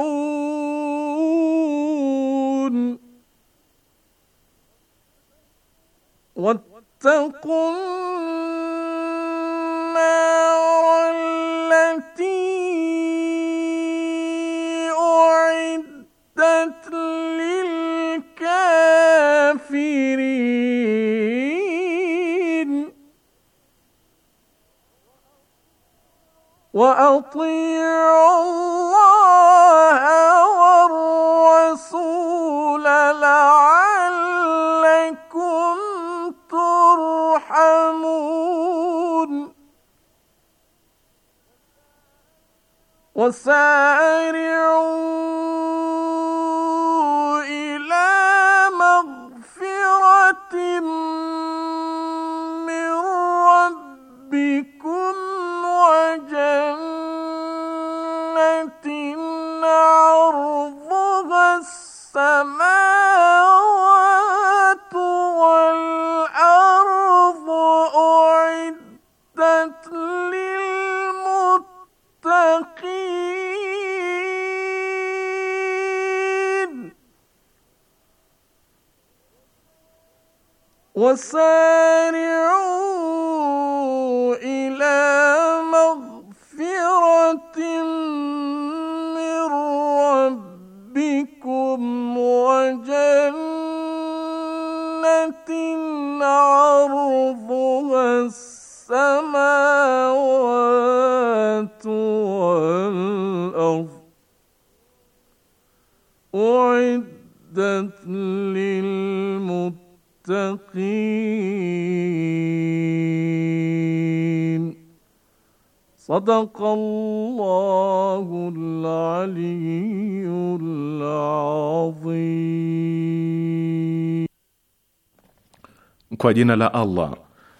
ترجعون واتقوا النار التي أعدت للكافرين وأطيعوا وسارعوا وسارعوا إلى مغفرة من ربكم وجنة عرضها السماوات والأرض أعدت لله المتقين صدق الله العلي العظيم Kwa jina la Allah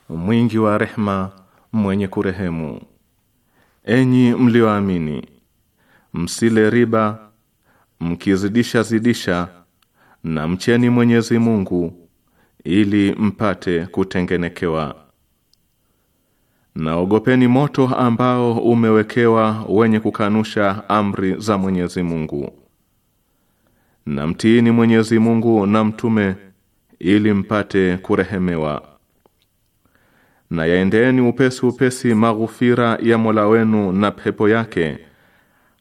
mwingi wa rehma mwenye kurehemu Enyi mlioamini msile riba mkizidisha zidisha na mcheni Mwenyezi Mungu ili mpate kutengenekewa. Naogopeni moto ambao umewekewa wenye kukanusha amri za Mwenyezi Mungu. Na mtiini Mwenyezi Mungu na mtume ili mpate kurehemewa. Na yaendeeni upesi upesi maghufira ya Mola wenu na pepo yake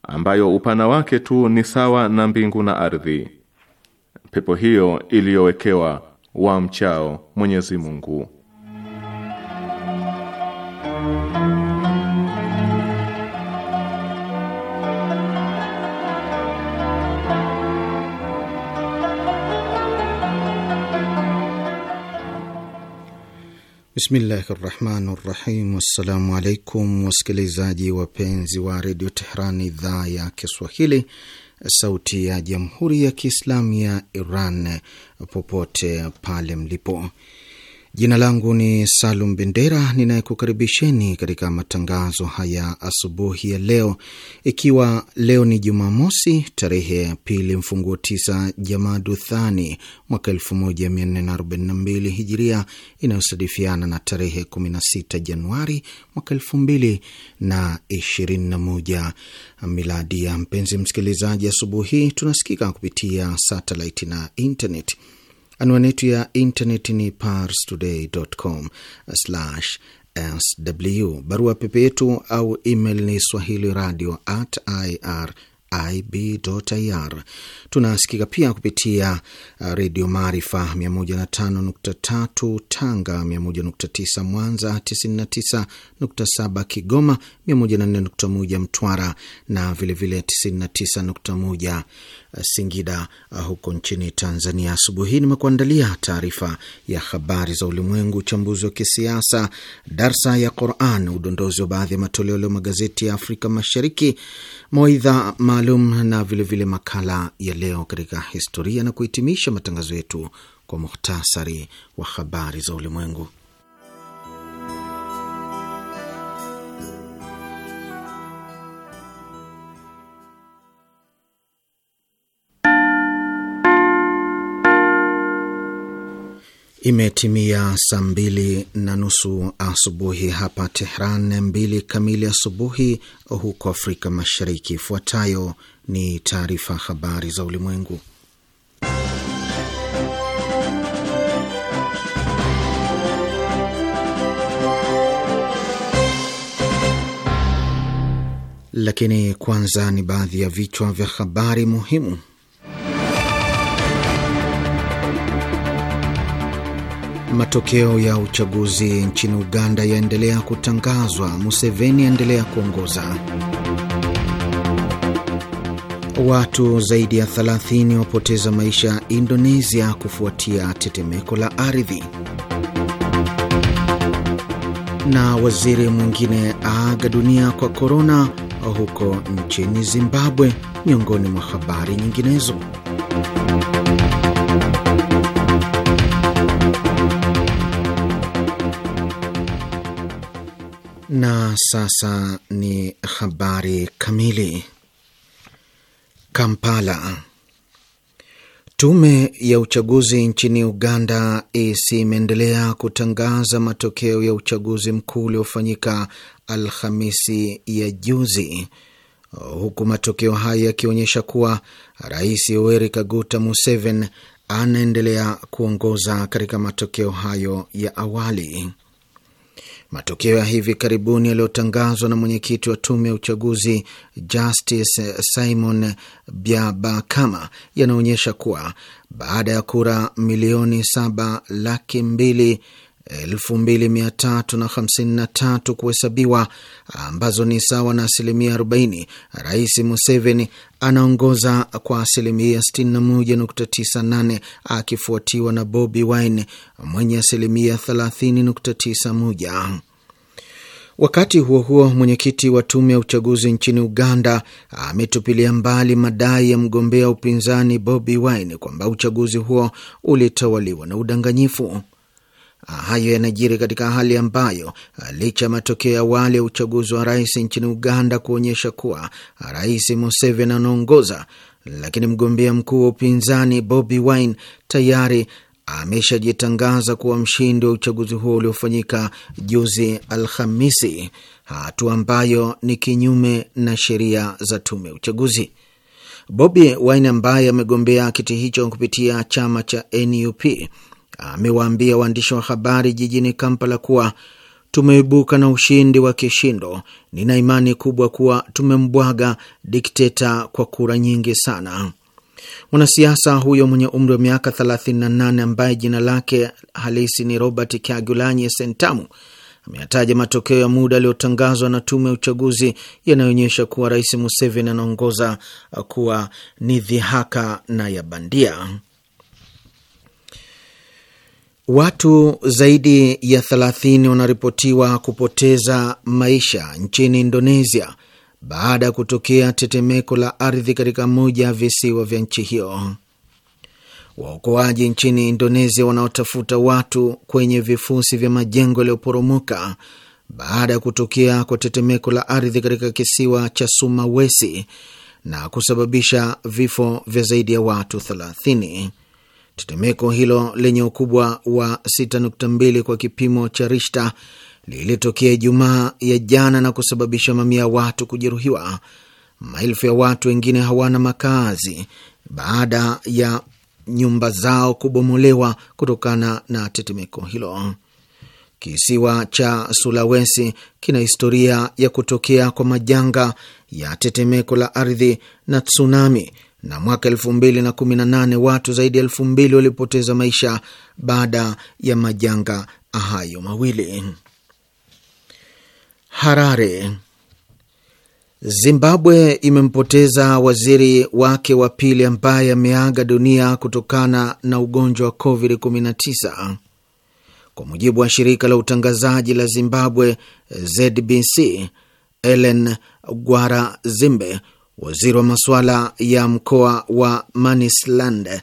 ambayo upana wake tu ni sawa na mbingu na ardhi. Pepo hiyo iliyowekewa wa mchao Mwenyezi Mungu. Bismillahi rahmani rahim. Wassalamu alaikum wasikilizaji wapenzi wa redio Tehran idhaa ya Kiswahili Sauti ya Jamhuri ya Kiislamu ya Iran popote pale mlipo. Jina langu ni Salum Bendera, ninayekukaribisheni katika matangazo haya asubuhi ya leo, ikiwa leo ni Jumamosi tarehe ya pili mfunguo tisa Jamadu Thani mwaka 1442 Hijiria, inayosadifiana na tarehe 16 Januari mwaka 2021 Miladi. Ya mpenzi msikilizaji, asubuhi tunasikika kupitia satellite na intnet Anwani yetu ya intaneti ni parstoday.com/sw. Barua pepe yetu au email ni swahili radio at irib.ir. Tunasikika pia kupitia uh, redio Maarifa 105.3 Tanga, 101.9 Mwanza, 99.7 Kigoma, 104.1 Mtwara na vilevile 99.1 Eh, Singida eh, huko nchini Tanzania. Asubuhi hii nimekuandalia taarifa ya habari za ulimwengu, uchambuzi wa kisiasa, darsa ya Quran, udondozi wa baadhi ya matoleo leo magazeti ya Afrika Mashariki, mawaidha maalum na vilevile vile makala ya leo katika historia, na kuhitimisha matangazo yetu kwa muhtasari wa habari za ulimwengu. Imetimia saa mbili na nusu asubuhi hapa Tehran, mbili kamili asubuhi huko Afrika Mashariki. Ifuatayo ni taarifa habari za ulimwengu, lakini kwanza ni baadhi ya vichwa vya habari muhimu. Matokeo ya uchaguzi nchini Uganda yaendelea kutangazwa. Museveni aendelea kuongoza. Watu zaidi ya 30 wapoteza maisha Indonesia kufuatia tetemeko la ardhi. Na waziri mwingine aaga dunia kwa korona huko nchini Zimbabwe, miongoni mwa habari nyinginezo. Na sasa ni habari kamili. Kampala. Tume ya uchaguzi nchini Uganda EC imeendelea kutangaza matokeo ya uchaguzi mkuu uliofanyika Alhamisi ya juzi, huku matokeo haya yakionyesha kuwa Rais Yoweri Kaguta Museveni anaendelea kuongoza katika matokeo hayo ya awali. Matokeo ya hivi karibuni yaliyotangazwa na mwenyekiti wa tume ya uchaguzi Justice Simon Byabakama yanaonyesha kuwa baada ya kura milioni saba laki mbili 2353 kuhesabiwa ambazo ni sawa na asilimia 40. Rais Museveni anaongoza kwa asilimia 61.98 akifuatiwa na Bobi Wine mwenye asilimia 30.91. Wakati huo huo, mwenyekiti wa tume ya uchaguzi nchini Uganda ametupilia mbali madai ya mgombea upinzani Bobi Wine kwamba uchaguzi huo ulitawaliwa na udanganyifu. Ah, hayo yanajiri katika hali ambayo ah, licha ya matokeo ya awali ya uchaguzi wa rais nchini Uganda kuonyesha kuwa ah, Rais Museveni anaongoza, lakini mgombea mkuu wa upinzani Bobi Wine tayari ameshajitangaza kuwa mshindi wa uchaguzi huo uliofanyika juzi Alhamisi, hatua ambayo ni kinyume na sheria za tume ya uchaguzi. Bobi Wine ambaye amegombea kiti hicho kupitia chama cha NUP amewaambia waandishi wa habari jijini Kampala kuwa tumeibuka na ushindi wa kishindo. Nina imani kubwa kuwa tumembwaga dikteta kwa kura nyingi sana. Mwanasiasa huyo mwenye umri wa miaka 38 ambaye jina lake halisi ni Robert Kyagulanyi Sentamu ameyataja matokeo ya muda yaliyotangazwa na tume ya uchaguzi yanayoonyesha kuwa Rais Museveni anaongoza kuwa ni dhihaka na ya bandia. Watu zaidi ya 30 wanaripotiwa kupoteza maisha nchini Indonesia baada ya kutokea tetemeko la ardhi katika moja ya visiwa vya nchi hiyo. Waokoaji nchini Indonesia wanaotafuta watu kwenye vifusi vya majengo yaliyoporomoka baada ya kutokea kwa tetemeko la ardhi katika kisiwa cha Sumawesi na kusababisha vifo vya zaidi ya watu thelathini. Tetemeko hilo lenye ukubwa wa 6.2 kwa kipimo cha Rishta lilitokea Ijumaa ya jana na kusababisha mamia ya watu kujeruhiwa. Maelfu ya watu wengine hawana makazi baada ya nyumba zao kubomolewa kutokana na tetemeko hilo. Kisiwa cha Sulawesi kina historia ya kutokea kwa majanga ya tetemeko la ardhi na tsunami na mwaka elfu mbili na kumi na nane watu zaidi ya elfu mbili walipoteza maisha baada ya majanga hayo mawili. Harare, Zimbabwe imempoteza waziri wake wa pili ambaye ameaga dunia kutokana na ugonjwa wa COVID-19 kwa mujibu wa shirika la utangazaji la Zimbabwe ZBC. Ellen Gwara Zimbe Waziri wa masuala ya mkoa wa manisland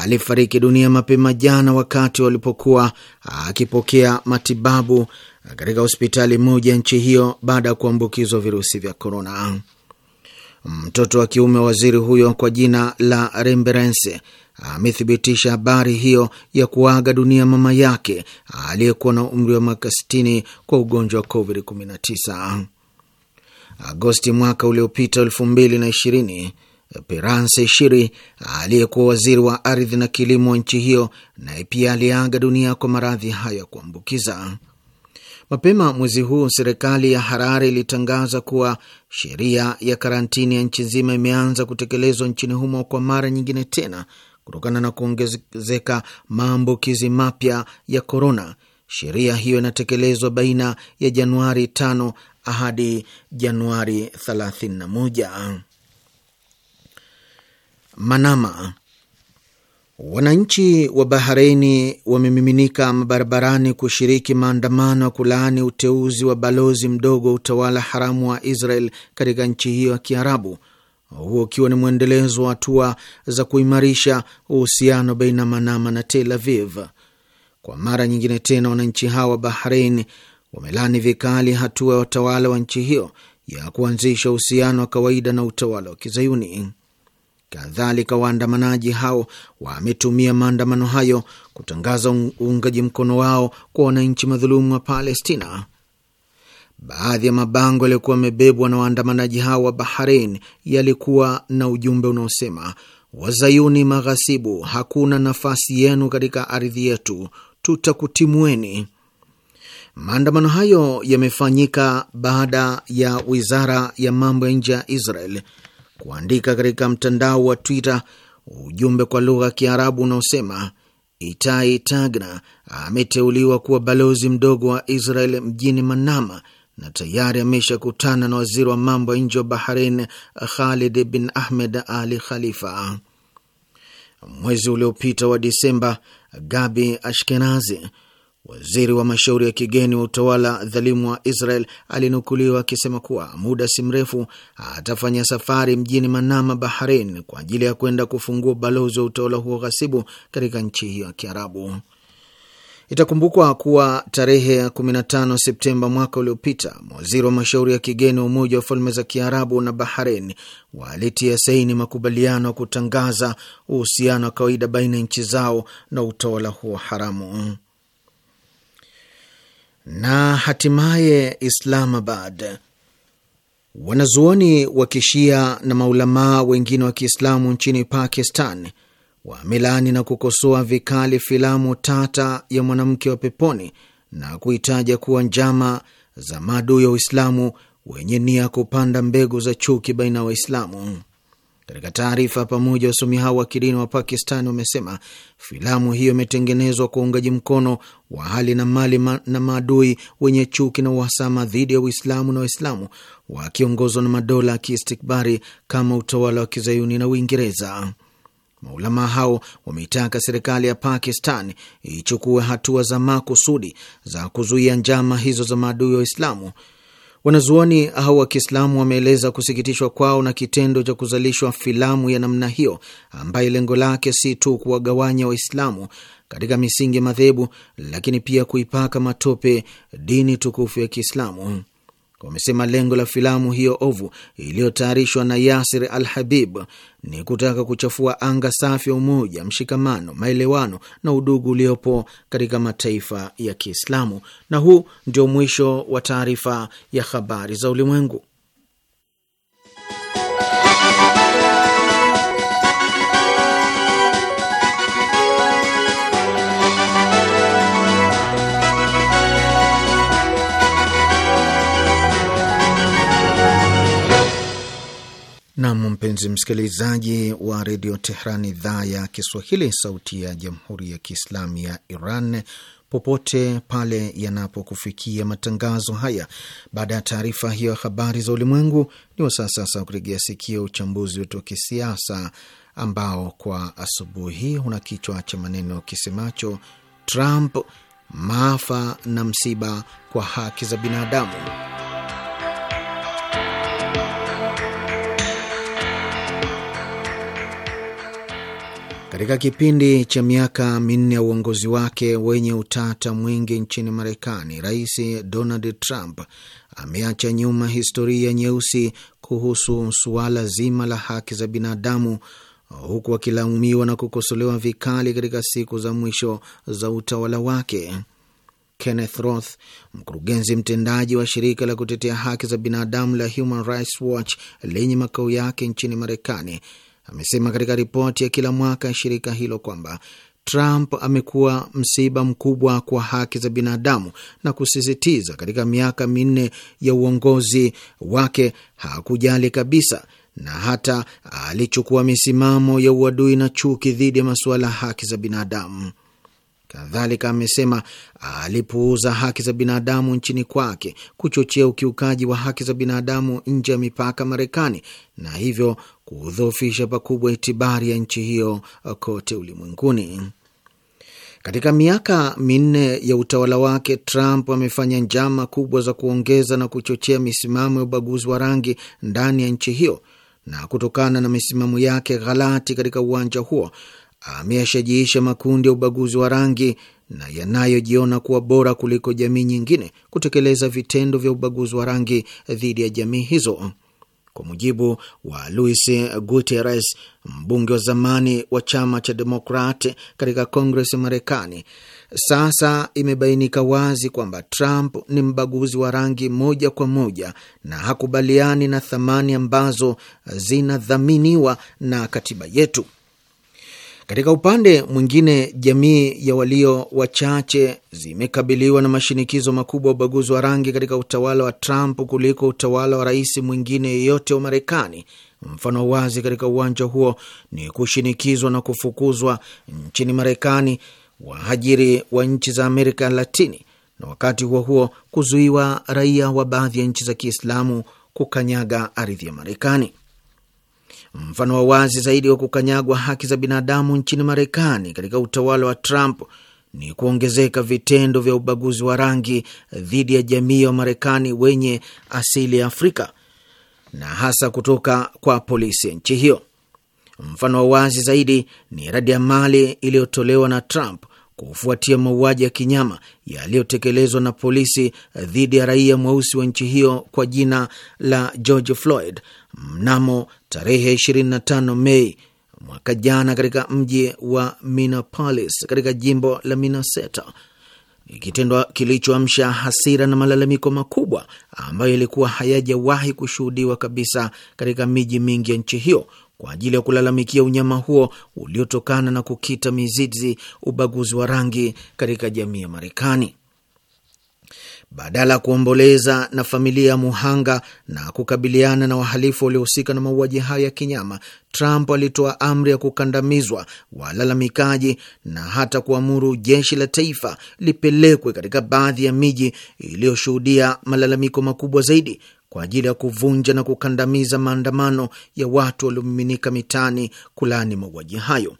alifariki dunia mapema jana wakati walipokuwa akipokea matibabu katika hospitali moja nchi hiyo baada ya kuambukizwa virusi vya korona. Mtoto wa kiume wa waziri huyo kwa jina la remberense amethibitisha habari hiyo ya kuaga dunia mama yake aliyekuwa na umri wa miaka 60 kwa ugonjwa wa COVID-19. Agosti mwaka uliopita elfu mbili na ishirini, Perance Shiri aliyekuwa waziri wa ardhi na kilimo wa nchi hiyo naye pia aliaga dunia kwa maradhi hayo ya kuambukiza. Mapema mwezi huu serikali ya Harare ilitangaza kuwa sheria ya karantini ya nchi nzima imeanza kutekelezwa nchini humo kwa mara nyingine tena kutokana na kuongezeka maambukizi mapya ya korona. Sheria hiyo inatekelezwa baina ya Januari tano hadi Januari 31. Manama. Wananchi wa Bahareini wamemiminika mabarabarani kushiriki maandamano ya kulaani uteuzi wa balozi mdogo wa utawala haramu wa Israel katika nchi hiyo ya Kiarabu, huo ukiwa ni mwendelezo wa hatua za kuimarisha uhusiano baina Manama na Tel Aviv. Kwa mara nyingine tena, wananchi hawa wa Bahrein wamelani vikali hatua ya watawala wa nchi hiyo ya kuanzisha uhusiano wa kawaida na utawala wa kizayuni. Kadhalika, waandamanaji hao wametumia maandamano hayo kutangaza uungaji mkono wao kwa wananchi madhulumu wa Palestina. Baadhi ya mabango yaliyokuwa yamebebwa na waandamanaji hao wa Bahrain yalikuwa na ujumbe unaosema Wazayuni maghasibu, hakuna nafasi yenu katika ardhi yetu, tutakutimweni Maandamano hayo yamefanyika baada ya wizara ya mambo ya nje ya Israel kuandika katika mtandao wa Twitter ujumbe kwa lugha ya Kiarabu unaosema Itai Tagna ameteuliwa kuwa balozi mdogo wa Israel mjini Manama na tayari ameshakutana na waziri wa mambo ya nje wa Bahrain Khalid bin Ahmed Ali Khalifa. Mwezi uliopita wa Disemba, Gabi Ashkenazi Waziri wa mashauri ya kigeni wa utawala dhalimu wa Israel alinukuliwa akisema kuwa muda si mrefu atafanya safari mjini Manama, Bahrain, kwa ajili ya kwenda kufungua ubalozi wa utawala huo ghasibu katika nchi hiyo ya Kiarabu. Itakumbukwa kuwa tarehe ya 15 Septemba mwaka uliopita mawaziri wa mashauri ya kigeni wa Umoja wa Falme za Kiarabu na Bahrain walitia saini makubaliano ya kutangaza uhusiano wa kawaida baina ya nchi zao na utawala huo haramu na hatimaye Islamabad. Wanazuoni wa kishia na maulamaa wengine wa Kiislamu nchini Pakistan wamelani na kukosoa vikali filamu tata ya mwanamke wa peponi na kuitaja kuwa njama za maadui ya Uislamu wenye nia kupanda mbegu za chuki baina ya Waislamu. Katika taarifa pamoja, wasomi hao wa kidini wa Pakistan wamesema filamu hiyo imetengenezwa kwa uungaji mkono wa hali na mali ma, na maadui wenye chuki na uhasama dhidi ya Uislamu na Waislamu wakiongozwa na madola ya kiistikbari kama utawala wa kizayuni na Uingereza. Maulama hao wameitaka serikali ya Pakistan ichukue hatua za makusudi za kuzuia njama hizo za maadui wa Waislamu Wanazuoni hao wa Kiislamu wameeleza kusikitishwa kwao na kitendo cha ja kuzalishwa filamu ya namna hiyo ambayo lengo lake si tu kuwagawanya Waislamu katika misingi ya madhehebu, lakini pia kuipaka matope dini tukufu ya Kiislamu. Wamesema lengo la filamu hiyo ovu iliyotayarishwa na Yasir Al Habib ni kutaka kuchafua anga safi ya umoja, mshikamano, maelewano na udugu uliopo katika mataifa ya Kiislamu. Na huu ndio mwisho wa taarifa ya habari za ulimwengu. Nam, mpenzi msikilizaji wa redio Tehran, idhaa ya Kiswahili, sauti ya jamhuri ya kiislamu ya Iran, popote pale yanapokufikia matangazo haya. Baada ya taarifa hiyo ya habari za ulimwengu, ni wasaa sasa wa kuregea sikio uchambuzi wetu wa kisiasa ambao kwa asubuhi hii una kichwa cha maneno kisemacho Trump, maafa na msiba kwa haki za binadamu. Katika kipindi cha miaka minne ya uongozi wake wenye utata mwingi nchini Marekani, Rais Donald Trump ameacha nyuma historia nyeusi kuhusu suala zima la haki za binadamu, huku akilaumiwa na kukosolewa vikali katika siku za mwisho za utawala wake. Kenneth Roth, mkurugenzi mtendaji wa shirika la kutetea haki za binadamu la Human Rights Watch lenye makao yake nchini Marekani, amesema katika ripoti ya kila mwaka ya shirika hilo kwamba Trump amekuwa msiba mkubwa kwa haki za binadamu na kusisitiza katika miaka minne ya uongozi wake hakujali kabisa na hata alichukua misimamo ya uadui na chuki dhidi ya masuala ya haki za binadamu. Kadhalika amesema alipuuza haki za binadamu nchini kwake, kuchochea ukiukaji wa haki za binadamu nje ya mipaka Marekani, na hivyo kudhoofisha pakubwa itibari ya nchi hiyo kote ulimwenguni. Katika miaka minne ya utawala wake, Trump amefanya njama kubwa za kuongeza na kuchochea misimamo ya ubaguzi wa rangi ndani ya nchi hiyo, na kutokana na misimamo yake ghalati katika uwanja huo ameyashajiisha makundi ya ubaguzi wa rangi na yanayojiona kuwa bora kuliko jamii nyingine kutekeleza vitendo vya ubaguzi wa rangi dhidi ya jamii hizo. Kwa mujibu wa Luis Gutierrez, mbunge wa zamani wa chama cha Demokrat katika Kongres ya Marekani, sasa imebainika wazi kwamba Trump ni mbaguzi wa rangi moja kwa moja na hakubaliani na thamani ambazo zinadhaminiwa na katiba yetu. Katika upande mwingine, jamii ya walio wachache zimekabiliwa na mashinikizo makubwa ya ubaguzi wa rangi katika utawala wa Trump kuliko utawala wa rais mwingine yeyote wa Marekani. Mfano wazi katika uwanja huo ni kushinikizwa na kufukuzwa nchini Marekani wahajiri wa nchi za Amerika Latini, na wakati huo huo kuzuiwa raia wa baadhi ya nchi za Kiislamu kukanyaga ardhi ya Marekani. Mfano wa wazi zaidi wa kukanyagwa haki za binadamu nchini Marekani katika utawala wa Trump ni kuongezeka vitendo vya ubaguzi wa rangi dhidi ya jamii wa Marekani wenye asili ya Afrika na hasa kutoka kwa polisi ya nchi hiyo. Mfano wa wazi zaidi ni radi ya mali iliyotolewa na Trump kufuatia mauaji ya kinyama yaliyotekelezwa na polisi dhidi ya raia mweusi wa nchi hiyo kwa jina la George Floyd mnamo tarehe 25 Mei mwaka jana katika mji wa Minneapolis katika jimbo la Minnesota, kitendo kilichoamsha hasira na malalamiko makubwa ambayo ilikuwa hayajawahi kushuhudiwa kabisa katika miji mingi ya nchi hiyo kwa ajili ya kulalamikia unyama huo uliotokana na kukita mizizi ubaguzi wa rangi katika jamii ya Marekani badala ya kuomboleza na familia ya muhanga na kukabiliana na wahalifu waliohusika na mauaji hayo ya kinyama, Trump alitoa amri ya kukandamizwa walalamikaji na hata kuamuru jeshi la taifa lipelekwe katika baadhi ya miji iliyoshuhudia malalamiko makubwa zaidi kwa ajili ya kuvunja na kukandamiza maandamano ya watu waliomiminika mitaani kulaani mauaji hayo.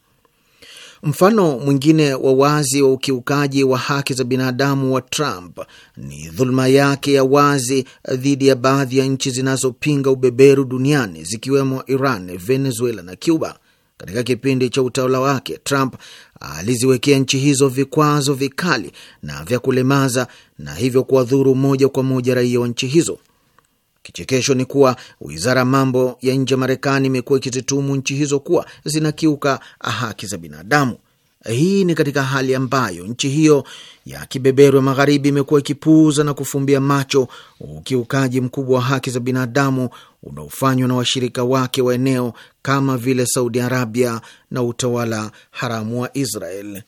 Mfano mwingine wa wazi wa ukiukaji wa haki za binadamu wa Trump ni dhuluma yake ya wazi dhidi ya baadhi ya nchi zinazopinga ubeberu duniani zikiwemo Iran, Venezuela na Cuba. Katika kipindi cha utawala wake, Trump aliziwekea nchi hizo vikwazo vikali na vya kulemaza na hivyo kuwadhuru moja kwa moja raia wa nchi hizo. Kichekesho ni kuwa wizara ya mambo ya nje ya Marekani imekuwa ikizitumu nchi hizo kuwa zinakiuka haki za binadamu. Hii ni katika hali ambayo nchi hiyo ya kibeberu ya magharibi imekuwa ikipuuza na kufumbia macho ukiukaji mkubwa wa haki za binadamu unaofanywa na washirika wake wa eneo kama vile Saudi Arabia na utawala haramu wa Israel.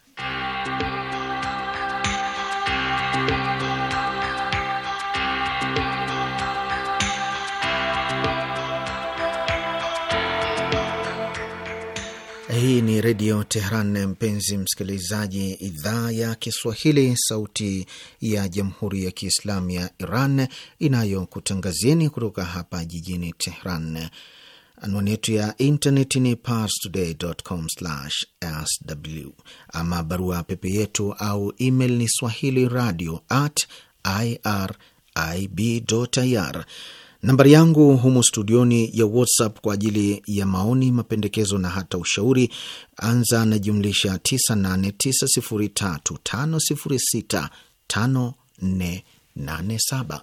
Hii ni Redio Tehran, mpenzi msikilizaji, idhaa ya Kiswahili, sauti ya Jamhuri ya Kiislamu ya Iran inayokutangazieni kutoka hapa jijini Tehran. Anwani yetu ya intaneti ni parstoday.com/sw, ama barua pepe yetu au email ni swahili radio at irib.ir. Nambari yangu humu studioni ya WhatsApp kwa ajili ya maoni, mapendekezo na hata ushauri, anza na jumlisha 989035065487.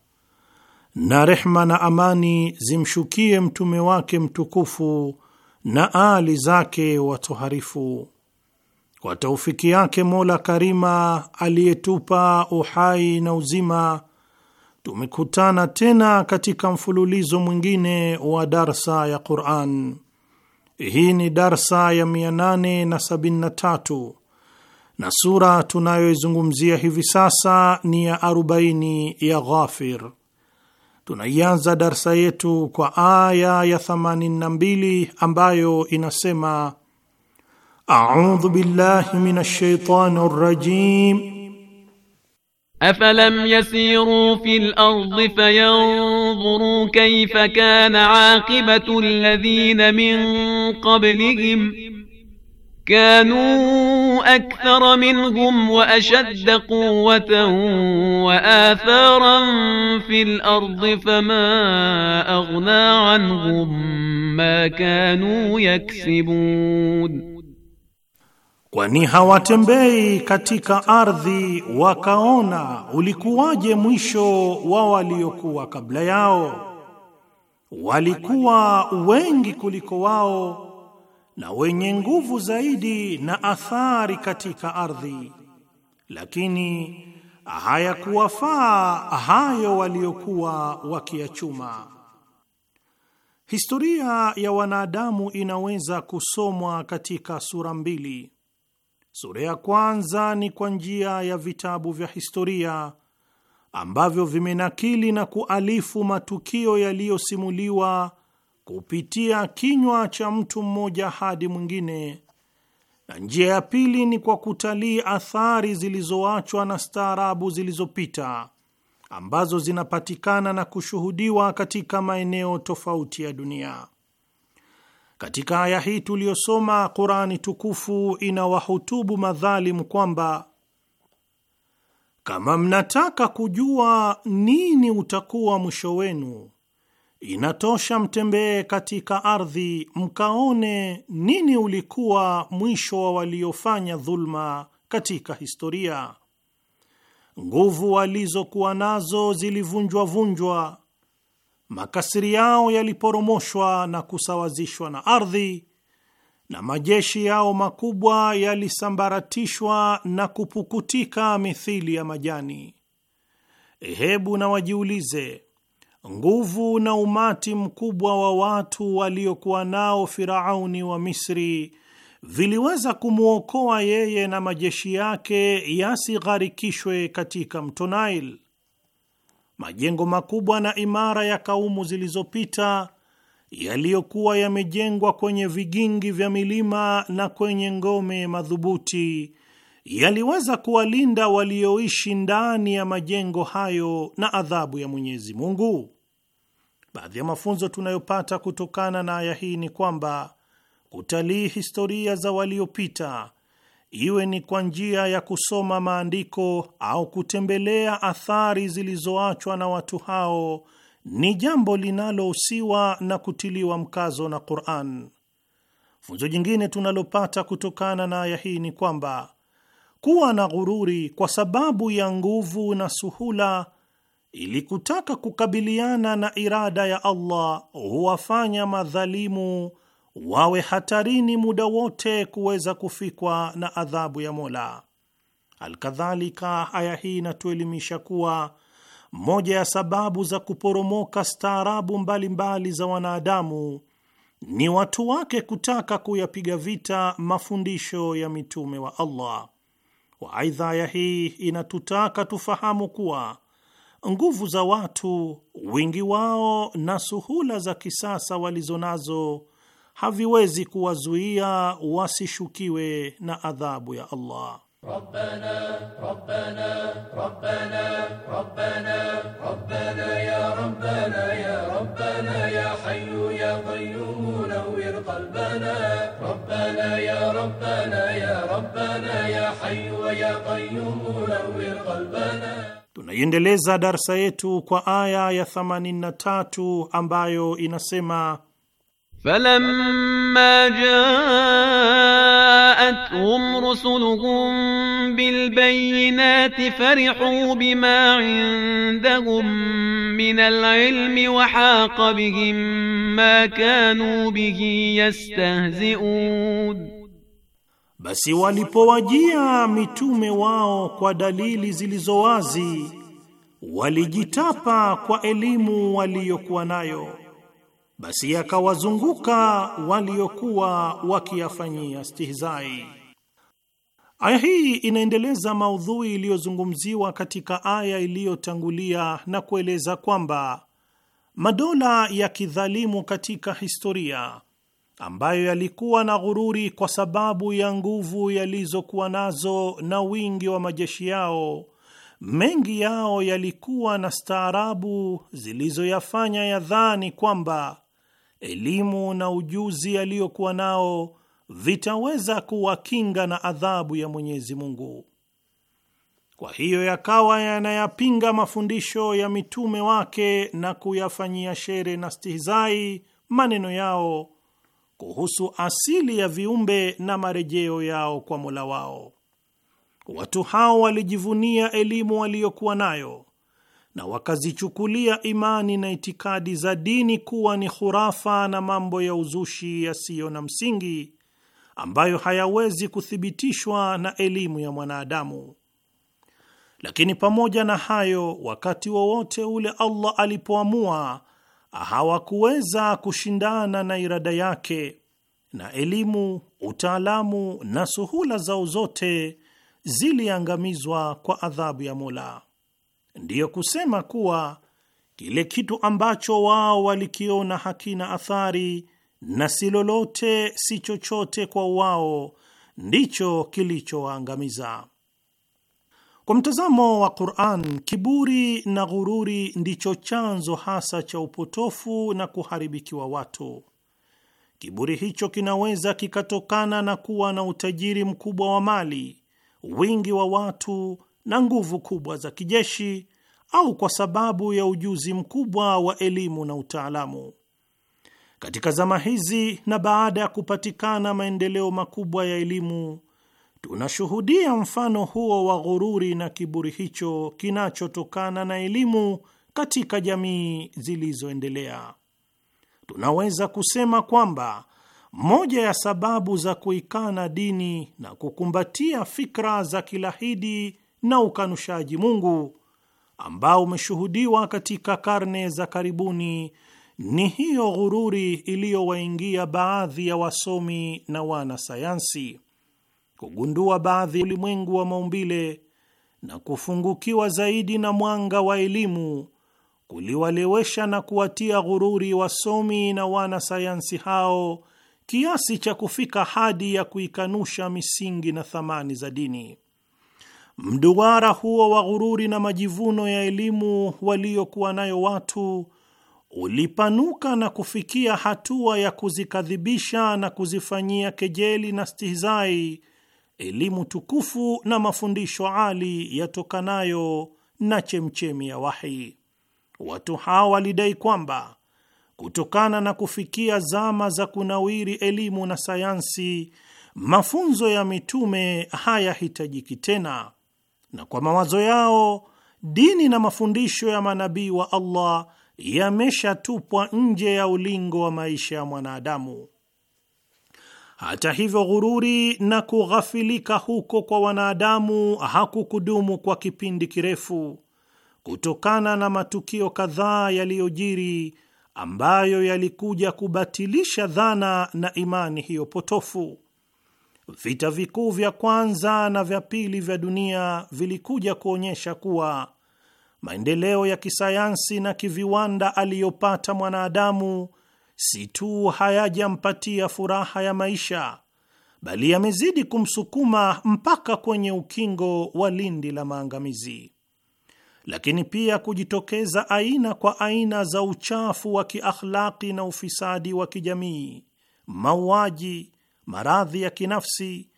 na rehma na amani zimshukie mtume wake mtukufu na aali zake watoharifu. Kwa taufiki yake Mola Karima aliyetupa uhai na uzima, tumekutana tena katika mfululizo mwingine wa darsa ya Quran. Hii ni darsa ya 873 na sura tunayoizungumzia hivi sasa ni ya 40 ya Ghafir. Tunaianza darsa yetu kwa aya ya 82 ambayo inasema: audhu billahi minash shaitani rrajim أفلم يسيروا في الأرض فينظروا كيف كان عاقبة الذين من قبلهم كانوا أكثر منهم وأشد قوة وآثارا في الأرض فما أغنى عنهم ما كانوا يكسبون Kwani hawatembei katika ardhi wakaona ulikuwaje mwisho wa waliokuwa kabla yao, walikuwa wengi kuliko wao na wenye nguvu zaidi na athari katika ardhi, lakini hayakuwafaa hayo waliokuwa wakiyachuma. Historia ya wanadamu inaweza kusomwa katika sura mbili. Sura ya kwanza ni kwa njia ya vitabu vya historia ambavyo vimenakili na kualifu matukio yaliyosimuliwa kupitia kinywa cha mtu mmoja hadi mwingine, na njia ya pili ni kwa kutalii athari zilizoachwa na staarabu zilizopita ambazo zinapatikana na kushuhudiwa katika maeneo tofauti ya dunia. Katika aya hii tuliyosoma, Qurani tukufu inawahutubu madhalimu kwamba kama mnataka kujua nini utakuwa mwisho wenu, Inatosha mtembee katika ardhi mkaone nini ulikuwa mwisho wa waliofanya dhulma katika historia. Nguvu walizokuwa nazo zilivunjwa vunjwa, makasiri yao yaliporomoshwa na kusawazishwa na ardhi, na majeshi yao makubwa yalisambaratishwa na kupukutika mithili ya majani. Hebu na wajiulize nguvu na umati mkubwa wa watu waliokuwa nao Firauni wa Misri viliweza kumwokoa yeye na majeshi yake yasigharikishwe katika mto Nile. Majengo makubwa na imara ya kaumu zilizopita yaliyokuwa yamejengwa kwenye vigingi vya milima na kwenye ngome madhubuti yaliweza kuwalinda walioishi ndani ya majengo hayo na adhabu ya Mwenyezi Mungu? Baadhi ya mafunzo tunayopata kutokana na aya hii ni kwamba kutalii historia za waliopita, iwe ni kwa njia ya kusoma maandiko au kutembelea athari zilizoachwa na watu hao, ni jambo linalohusiwa na kutiliwa mkazo na Qur'an. Funzo jingine tunalopata kutokana na aya hii ni kwamba kuwa na ghururi kwa sababu ya nguvu na suhula, ili kutaka kukabiliana na irada ya Allah huwafanya madhalimu wawe hatarini muda wote kuweza kufikwa na adhabu ya Mola. Alkadhalika, aya hii inatuelimisha kuwa moja ya sababu za kuporomoka staarabu mbalimbali za wanadamu ni watu wake kutaka kuyapiga vita mafundisho ya mitume wa Allah. Aidha, ya hii inatutaka tufahamu kuwa nguvu za watu, wingi wao na suhula za kisasa walizo nazo haviwezi kuwazuia wasishukiwe na adhabu ya Allah. Tunaiendeleza darsa yetu kwa aya ya 83 ambayo inasema فلما جاءتهم رسلهم بالبينات فرحوا بما عندهم من العلم وحاق بهم ma kanu به يستهزئون basi walipowajia mitume wao kwa dalili zilizo wazi walijitapa kwa elimu waliyokuwa nayo basi yakawazunguka waliokuwa wakiyafanyia stihzai. Aya hii inaendeleza maudhui iliyozungumziwa katika aya iliyotangulia na kueleza kwamba madola ya kidhalimu katika historia ambayo yalikuwa na ghururi kwa sababu ya nguvu yalizokuwa nazo na wingi wa majeshi yao, mengi yao yalikuwa na staarabu zilizoyafanya yadhani kwamba elimu na ujuzi aliyokuwa nao vitaweza kuwakinga na adhabu ya Mwenyezi Mungu. Kwa hiyo yakawa yanayapinga mafundisho ya mitume wake na kuyafanyia shere na stihizai maneno yao kuhusu asili ya viumbe na marejeo yao kwa Mola wao. Watu hao walijivunia elimu waliyokuwa nayo na wakazichukulia imani na itikadi za dini kuwa ni khurafa na mambo ya uzushi yasiyo na msingi ambayo hayawezi kuthibitishwa na elimu ya mwanadamu. Lakini pamoja na hayo, wakati wowote ule Allah alipoamua, hawakuweza kushindana na irada yake, na elimu, utaalamu na suhula zao zote ziliangamizwa kwa adhabu ya Mola ndiyo kusema kuwa kile kitu ambacho wao walikiona hakina athari na si lolote si chochote kwa wao ndicho kilichowaangamiza. Kwa mtazamo wa Qur'an, kiburi na ghururi ndicho chanzo hasa cha upotofu na kuharibikiwa watu. Kiburi hicho kinaweza kikatokana na kuwa na utajiri mkubwa wa mali, wingi wa watu na nguvu kubwa za kijeshi au kwa sababu ya ujuzi mkubwa wa elimu na utaalamu. Katika zama hizi na baada ya kupatikana maendeleo makubwa ya elimu, tunashuhudia mfano huo wa ghururi na kiburi hicho kinachotokana na elimu katika jamii zilizoendelea. Tunaweza kusema kwamba moja ya sababu za kuikana dini na kukumbatia fikra za kilahidi na ukanushaji Mungu ambao umeshuhudiwa katika karne za karibuni ni hiyo ghururi iliyowaingia baadhi ya wasomi na wanasayansi kugundua baadhi ya ulimwengu wa maumbile na kufungukiwa zaidi na mwanga wa elimu kuliwalewesha na kuwatia ghururi wasomi na wanasayansi hao kiasi cha kufika hadi ya kuikanusha misingi na thamani za dini. Mduara huo wa ghururi na majivuno ya elimu waliokuwa nayo watu ulipanuka na kufikia hatua ya kuzikadhibisha na kuzifanyia kejeli na stihizai elimu tukufu na mafundisho ali yatokanayo na chemchemi ya wahi. Watu hawa walidai kwamba kutokana na kufikia zama za kunawiri elimu na sayansi, mafunzo ya mitume hayahitajiki tena na kwa mawazo yao dini na mafundisho ya manabii wa Allah yameshatupwa nje ya ulingo wa maisha ya mwanadamu. Hata hivyo, ghururi na kughafilika huko kwa wanadamu hakukudumu kwa kipindi kirefu kutokana na matukio kadhaa yaliyojiri ambayo yalikuja kubatilisha dhana na imani hiyo potofu. Vita vikuu vya kwanza na vya pili vya dunia vilikuja kuonyesha kuwa maendeleo ya kisayansi na kiviwanda aliyopata mwanadamu si tu hayajampatia furaha ya maisha, bali yamezidi kumsukuma mpaka kwenye ukingo wa lindi la maangamizi. Lakini pia kujitokeza aina kwa aina za uchafu wa kiakhlaki na ufisadi wa kijamii, mauaji maradhi ya kinafsi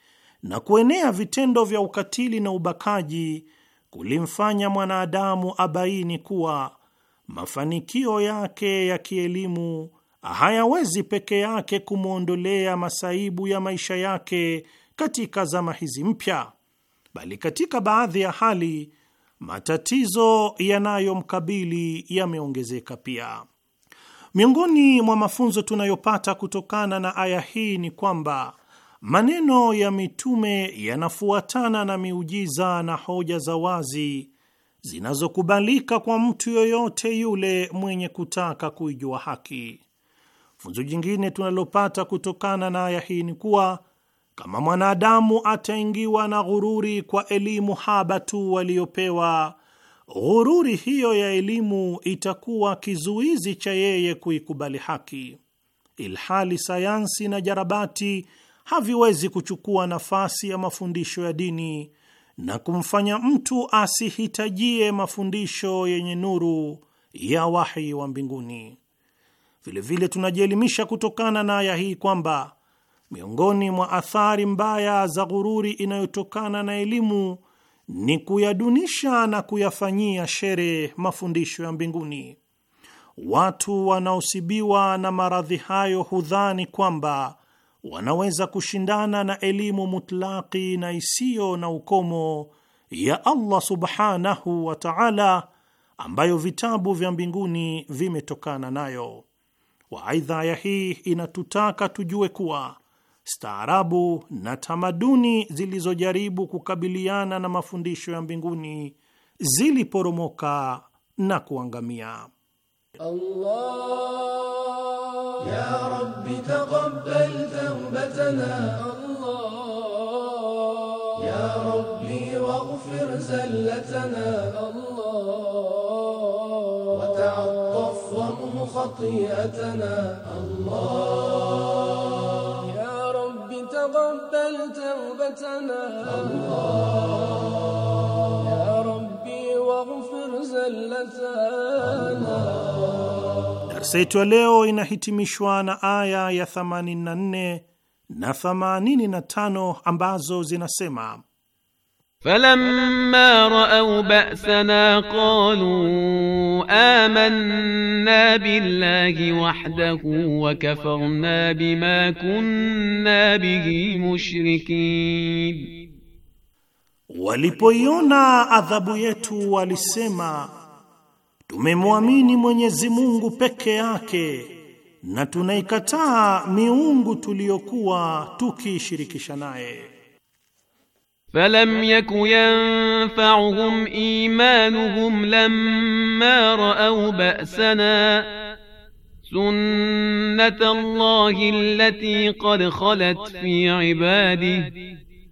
na kuenea vitendo vya ukatili na ubakaji kulimfanya mwanadamu abaini kuwa mafanikio yake ya kielimu hayawezi peke yake kumwondolea masaibu ya maisha yake katika zama hizi mpya, bali katika baadhi ya hali matatizo yanayomkabili yameongezeka pia. Miongoni mwa mafunzo tunayopata kutokana na aya hii ni kwamba maneno ya mitume yanafuatana na miujiza na hoja za wazi zinazokubalika kwa mtu yoyote yule mwenye kutaka kuijua haki. Funzo jingine tunalopata kutokana na aya hii ni kuwa kama mwanadamu ataingiwa na ghururi kwa elimu haba tu waliopewa ghururi hiyo ya elimu itakuwa kizuizi cha yeye kuikubali haki, ilhali sayansi na jarabati haviwezi kuchukua nafasi ya mafundisho ya dini na kumfanya mtu asihitajie mafundisho yenye nuru ya wahi wa mbinguni. Vilevile tunajielimisha kutokana na aya hii kwamba miongoni mwa athari mbaya za ghururi inayotokana na elimu ni kuyadunisha na kuyafanyia shere mafundisho ya mbinguni. Watu wanaosibiwa na maradhi hayo hudhani kwamba wanaweza kushindana na elimu mutlaki na isiyo na ukomo ya Allah subhanahu wa ta'ala, ambayo vitabu vya mbinguni vimetokana nayo. Waaidha, ya hii inatutaka tujue kuwa staarabu na tamaduni zilizojaribu kukabiliana na mafundisho ya mbinguni ziliporomoka na kuangamia. Allah, ya Rabbi taqabbal tawbatana. Allah, ya Rabbi waghfir zallatana. Allah, wa ta'attaf wa khati'atana. Allah تقبل توبتنا يا ربي واغفر زلتنا Darsa yetu ya leo inahitimishwa na aya ya 84 na 85 ambazo zinasema فلما رأوا بأسنا قالوا آمنا بالله وحده وكفرنا بما كنا به مشركين Walipoiona adhabu yetu walisema, tumemwamini Mwenyezi Mungu peke yake na tunaikataa miungu tuliyokuwa tukiishirikisha naye. فلم يك ينفعهم ايمانهم لما راوا باسنا سنه الله التي قد خلت في عباده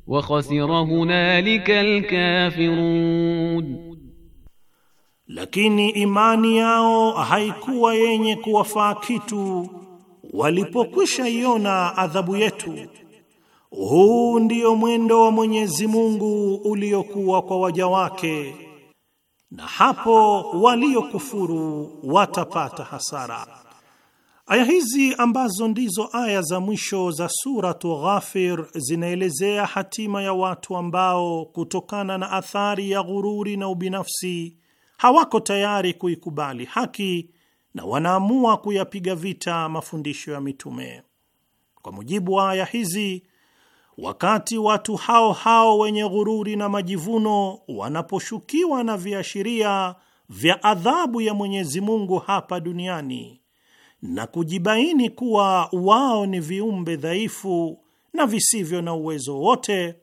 وخسر هنالك الكافرون لكن imani yao haikuwa yenye kuwafaa kitu walipokwisha iona adhabu yetu Huu ndio mwendo wa Mwenyezi Mungu uliokuwa kwa waja wake, na hapo waliokufuru watapata hasara. Aya hizi ambazo ndizo aya za mwisho za Suratu Ghafir zinaelezea hatima ya watu ambao kutokana na athari ya ghururi na ubinafsi hawako tayari kuikubali haki na wanaamua kuyapiga vita mafundisho ya mitume. Kwa mujibu wa aya hizi Wakati watu hao hao wenye ghururi na majivuno wanaposhukiwa na viashiria vya adhabu ya Mwenyezi Mungu hapa duniani na kujibaini kuwa wao ni viumbe dhaifu na visivyo na uwezo wote,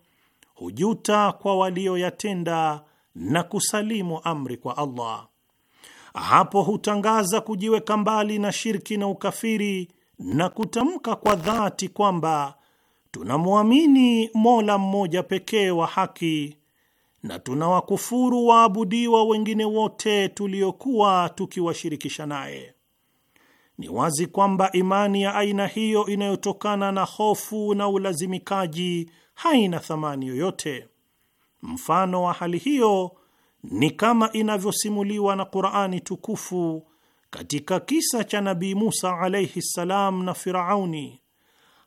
hujuta kwa walioyatenda na kusalimu amri kwa Allah. Hapo hutangaza kujiweka mbali na shirki na ukafiri na kutamka kwa dhati kwamba tunamwamini Mola mmoja pekee wa haki na tunawakufuru waabudiwa wengine wote tuliokuwa tukiwashirikisha naye. Ni wazi kwamba imani ya aina hiyo inayotokana na hofu na ulazimikaji haina thamani yoyote. Mfano wa hali hiyo ni kama inavyosimuliwa na Qur'ani tukufu katika kisa cha Nabii Musa alayhi salam na Firauni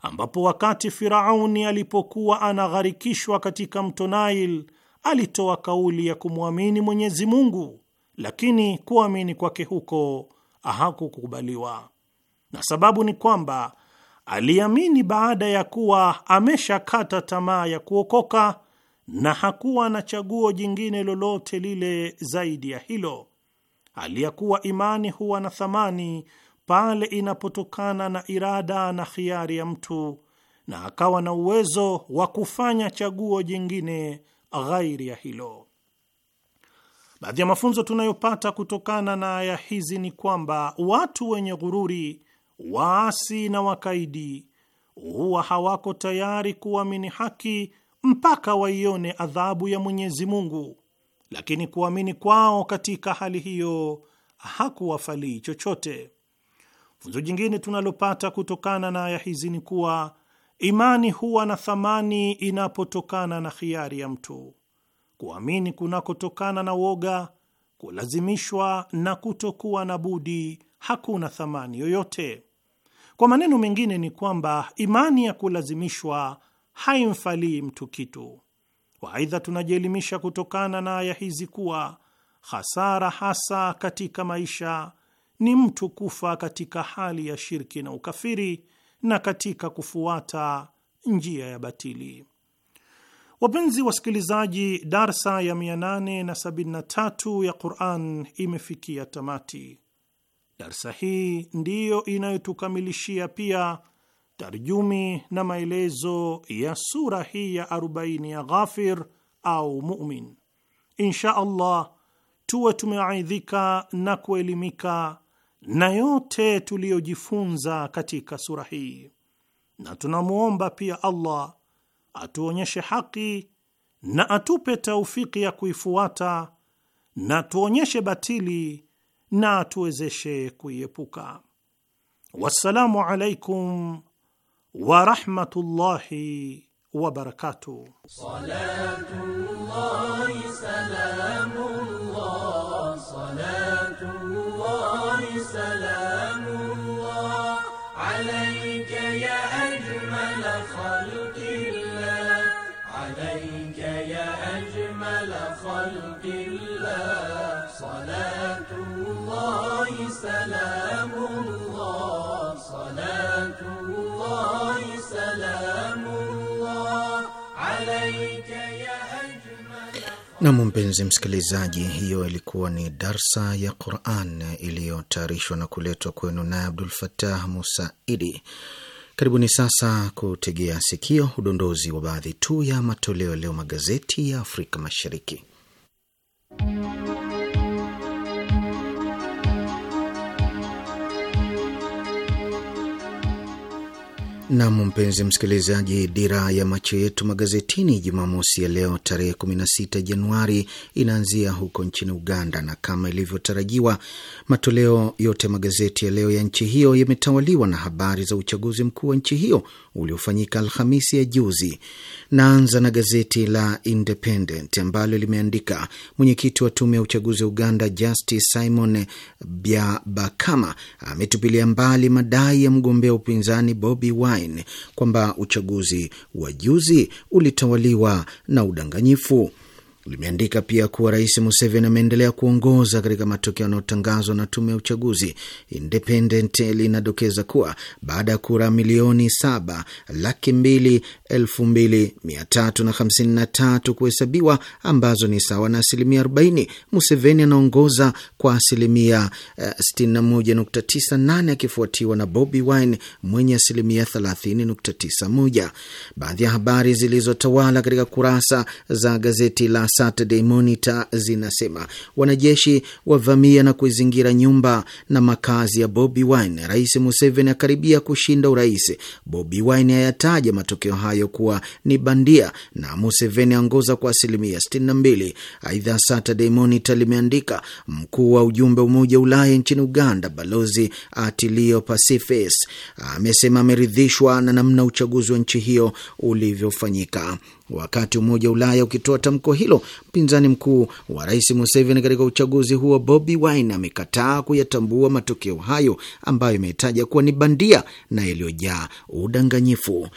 ambapo wakati Firauni alipokuwa anagharikishwa katika mto Nail alitoa kauli ya kumwamini Mwenyezi Mungu, lakini kuamini kwake huko hakukubaliwa, na sababu ni kwamba aliamini baada ya kuwa ameshakata tamaa ya kuokoka na hakuwa na chaguo jingine lolote lile zaidi ya hilo. Hali ya kuwa imani huwa na thamani pale inapotokana na irada na khiari ya mtu na akawa na uwezo wa kufanya chaguo jingine ghairi ya hilo. Baadhi ya mafunzo tunayopata kutokana na aya hizi ni kwamba watu wenye ghururi, waasi na wakaidi huwa hawako tayari kuamini haki mpaka waione adhabu ya Mwenyezi Mungu, lakini kuamini kwao katika hali hiyo hakuwafalii chochote. Funzo jingine tunalopata kutokana na aya hizi ni kuwa imani huwa na thamani inapotokana na khiari ya mtu. Kuamini kunakotokana na woga, kulazimishwa na kutokuwa na budi hakuna thamani yoyote. Kwa maneno mengine, ni kwamba imani ya kulazimishwa haimfalii mtu kitu. Waaidha, tunajielimisha kutokana na aya hizi kuwa hasara hasa katika maisha ni mtu kufa katika hali ya shirki na ukafiri na katika kufuata njia ya batili. Wapenzi wasikilizaji, darsa ya 873 ya Quran imefikia tamati. Darsa hii ndiyo inayotukamilishia pia tarjumi na maelezo ya sura hii ya 40 ya Ghafir au Mumin. Insha Allah tuwe tumeaidhika na kuelimika na yote tuliyojifunza katika sura hii, na tunamwomba pia Allah atuonyeshe haki na atupe taufiki ya kuifuata na tuonyeshe batili na atuwezeshe kuiepuka. Wassalamu alaikum wa rahmatullahi wa barakatuh. Nam, mpenzi msikilizaji, hiyo ilikuwa ni darsa ya Quran iliyotayarishwa na kuletwa kwenu naye Abdul Fatah Musaidi. Karibuni sasa kutegea sikio udondozi wa baadhi tu ya matoleo leo magazeti ya Afrika Mashariki. Nam, mpenzi msikilizaji, dira ya macho yetu magazetini Jumamosi ya leo tarehe 16 Januari inaanzia huko nchini Uganda, na kama ilivyotarajiwa matoleo yote ya magazeti ya leo ya nchi hiyo yametawaliwa na habari za uchaguzi mkuu wa nchi hiyo uliofanyika Alhamisi ya juzi. Naanza na gazeti la Independent ambalo limeandika mwenyekiti wa tume ya uchaguzi wa Uganda Justice Simon Byabakama ametupilia mbali madai ya mgombea upinzani Bobi Wine Ukraine kwamba uchaguzi wa juzi ulitawaliwa na udanganyifu limeandika pia kuwa Rais Museveni ameendelea kuongoza katika matokeo yanayotangazwa na tume ya uchaguzi. Independent linadokeza kuwa baada ya kura milioni saba laki mbili elfu mbili mia tatu na hamsini na tatu kuhesabiwa ambazo ni sawa na asilimia 40, Museveni anaongoza kwa asilimia 61.98 eh, akifuatiwa na Bobi Wine mwenye asilimia 30.91. Baadhi ya habari zilizotawala katika kurasa za gazeti la Saturday Monitor zinasema wanajeshi wavamia na kuizingira nyumba na makazi ya Bobi Wine. Rais Museveni akaribia kushinda urais. Bobi Wine ayataja matokeo hayo kuwa ni bandia na Museveni aongoza kwa asilimia 62. Aidha, Saturday Monitor limeandika mkuu wa ujumbe wa Umoja wa Ulaya nchini Uganda, Balozi Atilio Pacifes amesema ameridhishwa na namna uchaguzi wa nchi hiyo ulivyofanyika. Wakati Umoja wa Ulaya ukitoa tamko hilo, mpinzani mkuu wa rais Museveni katika uchaguzi huo Bobi Wine amekataa kuyatambua matokeo hayo ambayo imetaja kuwa ni bandia na yaliyojaa udanganyifu.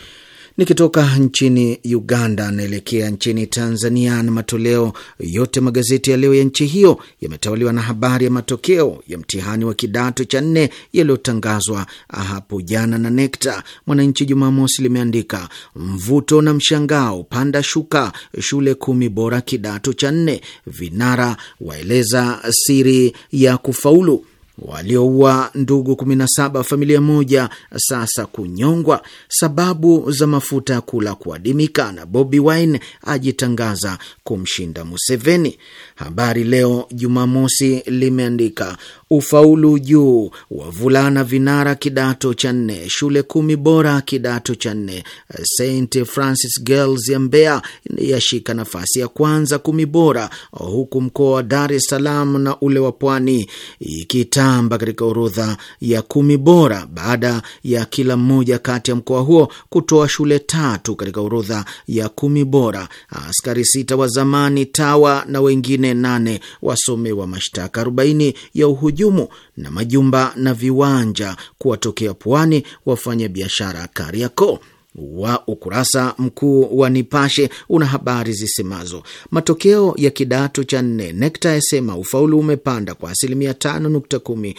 Nikitoka nchini Uganda naelekea nchini Tanzania, na matoleo yote magazeti ya leo ya nchi hiyo yametawaliwa na habari ya matokeo ya mtihani wa kidato cha nne yaliyotangazwa hapo jana na Nekta. Mwananchi Jumamosi limeandika mvuto na mshangao, panda shuka, shule kumi bora kidato cha nne, vinara waeleza siri ya kufaulu walioua ndugu 17 familia moja sasa kunyongwa, sababu za mafuta ya kula kuadimika, na Bobi Wine ajitangaza kumshinda Museveni. Habari Leo Jumamosi limeandika ufaulu juu, wavulana vinara kidato cha nne, shule kumi bora kidato cha nne. St Francis Girls ya Mbeya yashika nafasi ya kwanza kumi bora, huku mkoa wa Dar es Salaam na ule wa Pwani ikitamba katika orodha ya kumi bora baada ya kila mmoja kati ya mkoa huo kutoa shule tatu katika orodha ya kumi bora. Askari sita wa zamani TAWA na wengine 48 wasomewa mashtaka 40 ya uhujumu na majumba na viwanja kuwatokea Pwani wafanya biashara Kariakoo wa ukurasa mkuu wa Nipashe una habari zisemazo matokeo ya kidato cha nne, nekta yasema ufaulu umepanda kwa asilimia tano nukta kumi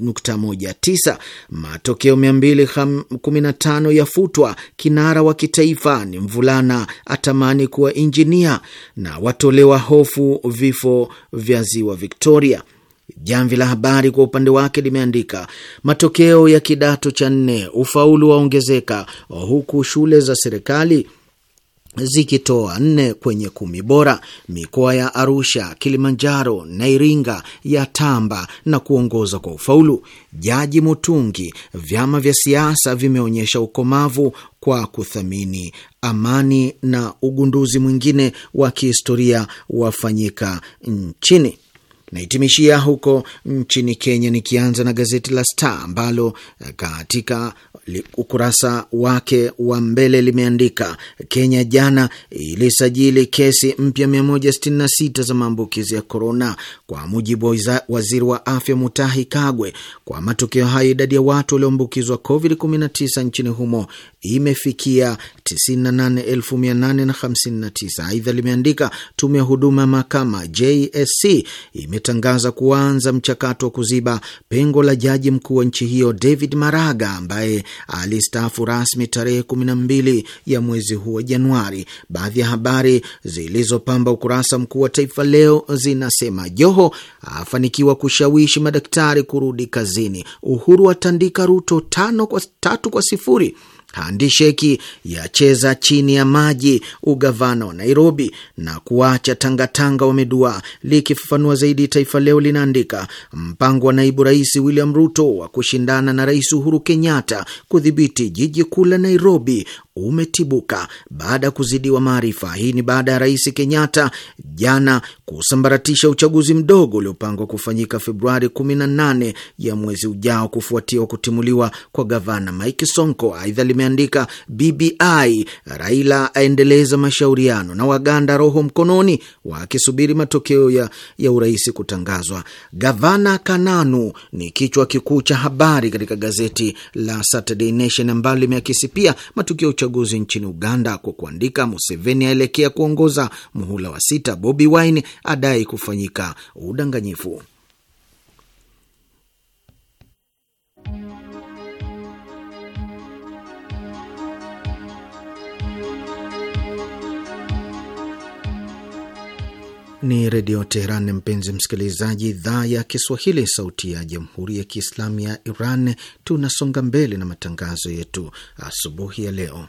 nukta moja tisa. Matokeo mia mbili kumi na tano yafutwa. Kinara wa kitaifa ni mvulana atamani kuwa injinia, na watolewa hofu vifo vya ziwa Victoria. Jamvi la Habari kwa upande wake limeandika matokeo ya kidato cha nne, ufaulu waongezeka, huku shule za serikali zikitoa nne kwenye kumi bora. Mikoa ya Arusha, Kilimanjaro na Iringa yatamba na kuongoza kwa ufaulu. Jaji Mutungi: vyama vya siasa vimeonyesha ukomavu kwa kuthamini amani na ugunduzi mwingine wa kihistoria wafanyika nchini. Nahitimishia huko nchini Kenya, nikianza na gazeti la Star ambalo eh, katika ukurasa wake wa mbele limeandika Kenya jana ilisajili kesi mpya 166 za maambukizi ya korona, kwa mujibu wa waziri wa afya Mutahi Kagwe. Kwa matokeo hayo, idadi ya watu walioambukizwa COVID-19 nchini humo imefikia 98859. Aidha limeandika tume ya huduma ya mahakama JSC ime imetangaza kuanza mchakato wa kuziba pengo la jaji mkuu wa nchi hiyo David Maraga ambaye alistaafu rasmi tarehe kumi na mbili ya mwezi huu wa Januari. Baadhi ya habari zilizopamba ukurasa mkuu wa Taifa Leo zinasema Joho afanikiwa kushawishi madaktari kurudi kazini. Uhuru atandika Ruto tano kwa tatu kwa sifuri Handisheki ya cheza chini ya maji ugavana wa Nairobi na kuacha tangatanga wameduaa Likifafanua zaidi, Taifa Leo linaandika mpango wa naibu rais William Ruto wa kushindana na rais Uhuru Kenyatta kudhibiti jiji kuu la Nairobi umetibuka baada ya kuzidiwa maarifa. Hii ni baada ya Rais Kenyatta jana kusambaratisha uchaguzi mdogo uliopangwa kufanyika Februari 18 ya mwezi ujao kufuatia kutimuliwa kwa gavana Mike Sonko. Aidha limeandika BBI, Raila aendeleza mashauriano na Waganda roho mkononi, wakisubiri matokeo ya, ya urais kutangazwa. Gavana Kananu ni kichwa kikuu cha habari katika gazeti la Saturday Nation ambalo limeakisi pia matukio uchaguzi nchini Uganda kwa kuandika Museveni aelekea kuongoza muhula wa sita, Bobi Wine adai kufanyika udanganyifu. Ni Redio Teheran, mpenzi msikilizaji, idhaa ya Kiswahili, sauti ya jamhuri ya kiislamu ya Iran. Tunasonga mbele na matangazo yetu asubuhi ya leo.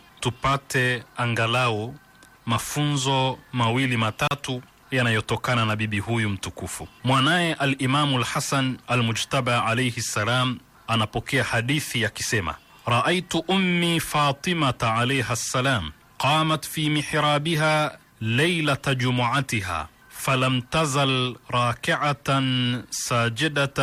tupate angalau mafunzo mawili matatu yanayotokana na bibi huyu mtukufu. Mwanaye Alimamu Lhasan Almujtaba alaihi ssalam anapokea hadithi akisema, raaitu ummi Fatimata alaiha ssalam qamat fi mihrabiha leilata jumuatiha فلم تزل راكعه ساجده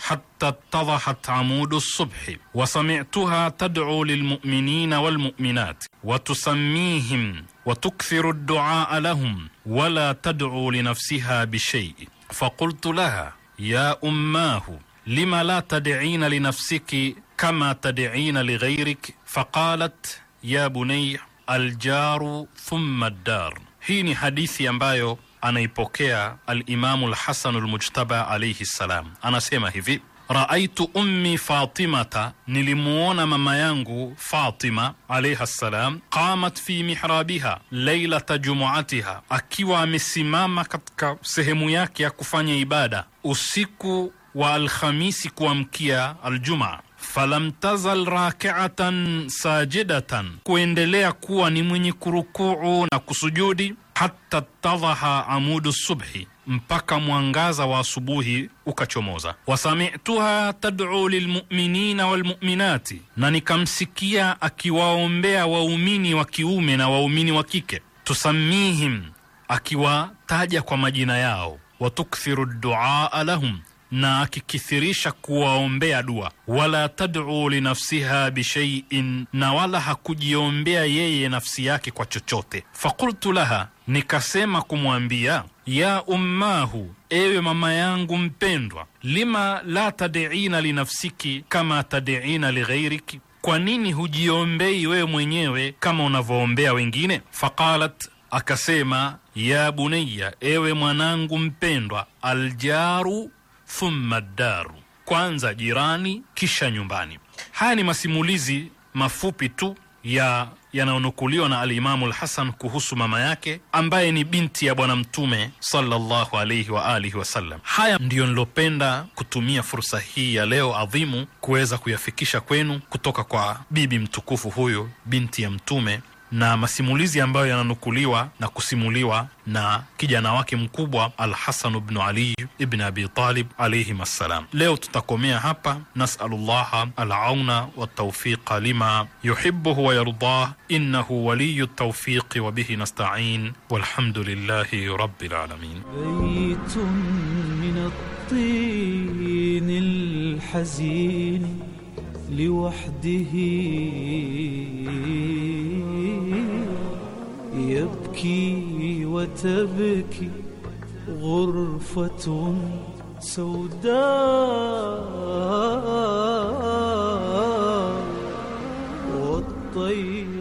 حتى اتضحت عمود الصبح وسمعتها تدعو للمؤمنين والمؤمنات وتسميهم وتكثر الدعاء لهم ولا تدعو لنفسها بشيء فقلت لها يا اماه لم لا تدعين لنفسك كما تدعين لغيرك فقالت يا بني الجار ثم الدار hii ni hadithi ambayo anaipokea Alimamu Lhasanu Lmujtaba alaihi ssalam, anasema hivi Raaitu ummi Fatimata, nilimuona mama yangu Fatima alaiha ssalam, qamat fi mihrabiha lailata jumuatiha, akiwa amesimama katika sehemu yake ya kufanya ibada usiku wa Alhamisi kuamkia aljuma Falam tazal rakiatan sajidatan, kuendelea kuwa ni mwenye kurukuu na kusujudi hatta tadaha amudu subhi, mpaka mwangaza wa asubuhi ukachomoza. Wasamituha tad'u lilmuminina walmuminati, na nikamsikia akiwaombea waumini wa kiume na waumini wa kike. Tusamihim, akiwataja kwa majina yao. Watukthiru duaa lahum na akikithirisha kuwaombea dua. Wala tad'u linafsiha bishaiin, na wala hakujiombea yeye nafsi yake kwa chochote. Fakultu laha nikasema kumwambia ya ummahu, ewe mama yangu mpendwa, lima la tadiina linafsiki kama tadiina lighairiki, kwa nini hujiombei wewe mwenyewe kama unavyoombea wengine? Faqalat, akasema ya bunayya, ewe mwanangu mpendwa, aljaru thumma daru, kwanza jirani kisha nyumbani. Haya ni masimulizi mafupi tu ya yanayonukuliwa na Alimamu Lhasan kuhusu mama yake ambaye ni binti ya Bwana Mtume sallallahu alaihi wa alihi wasallam. Haya ndiyo nilopenda kutumia fursa hii ya leo adhimu kuweza kuyafikisha kwenu kutoka kwa bibi mtukufu huyu binti ya Mtume na masimulizi ambayo yananukuliwa na kusimuliwa na kijana wake mkubwa Alhasan bnu Ali ibn Abi Talib alayhim assalam. Leo tutakomea hapa. Nasalullaha alauna waltaufiqa lima yuhibuhu wayardah innahu waliyu ltaufiqi wabihi nastain walhamdulillahi rabbil alamin. الطين الحزين لوحده يبكي وتبكي غرفة سوداء والطير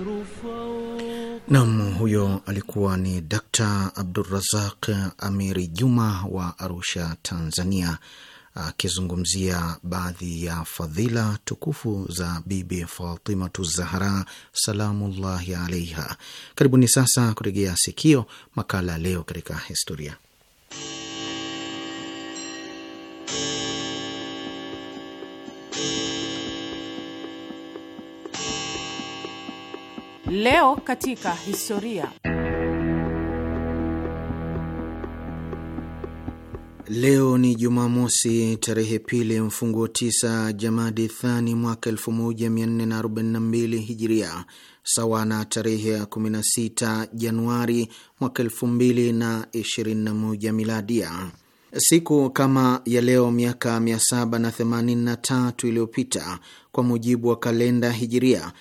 نعم huyo alikuwa ni Dakta Abdurazaq Amiri Juma wa Arusha, Tanzania, akizungumzia baadhi ya fadhila tukufu za Bibi Fatimatu Zahra salamullahi alaiha. Karibuni sasa kuregea sikio makala Leo katika Historia. Leo katika historia Leo ni Jumamosi, tarehe pili mfunguo tisa Jamadi Thani mwaka 1442 Hijiria, sawa na tarehe ya 16 Januari mwaka 2021 Miladia. Siku kama ya leo miaka 783 iliyopita kwa mujibu wa kalenda Hijiria,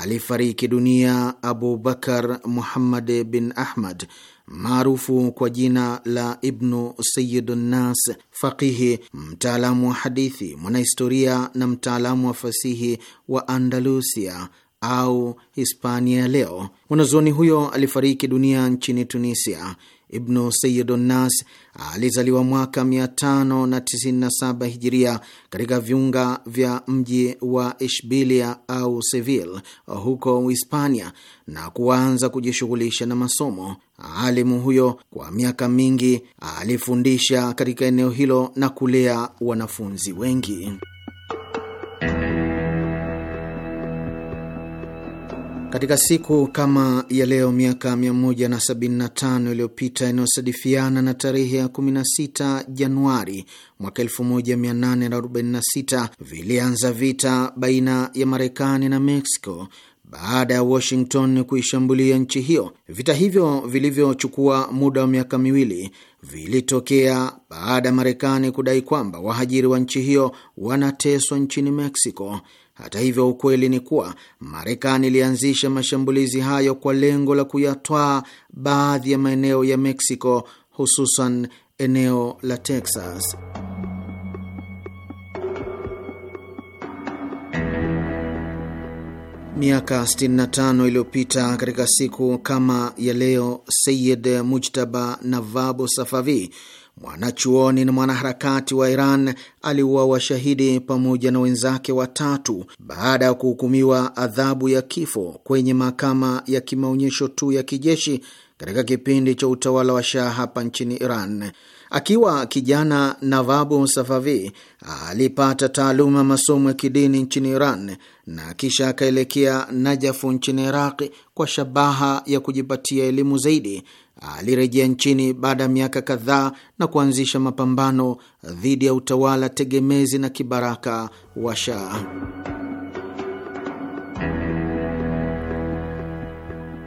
alifariki dunia Abu Bakar Muhammad bin Ahmad maarufu kwa jina la Ibnu sayid Nas, faqihi, mtaalamu wa hadithi, mwanahistoria na mtaalamu wa fasihi wa Andalusia au Hispania leo. Mwanazuoni huyo alifariki dunia nchini Tunisia Ibnu Sayyidun Nas alizaliwa mwaka 597 hijiria katika viunga vya mji wa Ishbilia au Seville huko hispania na kuanza kujishughulisha na masomo. Alimu huyo kwa miaka mingi alifundisha katika eneo hilo na kulea wanafunzi wengi. Katika siku kama ya leo miaka 175 iliyopita inayosadifiana na tarehe ya 16 Januari mwaka 1846 vilianza vita baina ya Marekani na Mexico baada ya Washington kuishambulia nchi hiyo. Vita hivyo vilivyochukua muda wa miaka miwili vilitokea baada ya Marekani kudai kwamba wahajiri wa nchi hiyo wanateswa nchini Mexico. Hata hivyo, ukweli ni kuwa Marekani ilianzisha mashambulizi hayo kwa lengo la kuyatwaa baadhi ya maeneo ya Meksiko, hususan eneo la Texas. Miaka 65 iliyopita katika siku kama ya leo, Sayid Mujtaba Navabo Safavi, mwanachuoni na mwanaharakati wa Iran aliuawa washahidi pamoja na wenzake watatu baada ya kuhukumiwa adhabu ya kifo kwenye mahakama ya kimaonyesho tu ya kijeshi katika kipindi cha utawala wa Shah hapa nchini Iran. Akiwa kijana, Navabu Safavi alipata taaluma masomo ya kidini nchini Iran na kisha akaelekea Najafu nchini Iraqi kwa shabaha ya kujipatia elimu zaidi alirejea nchini baada ya miaka kadhaa na kuanzisha mapambano dhidi ya utawala tegemezi na kibaraka wa Shah.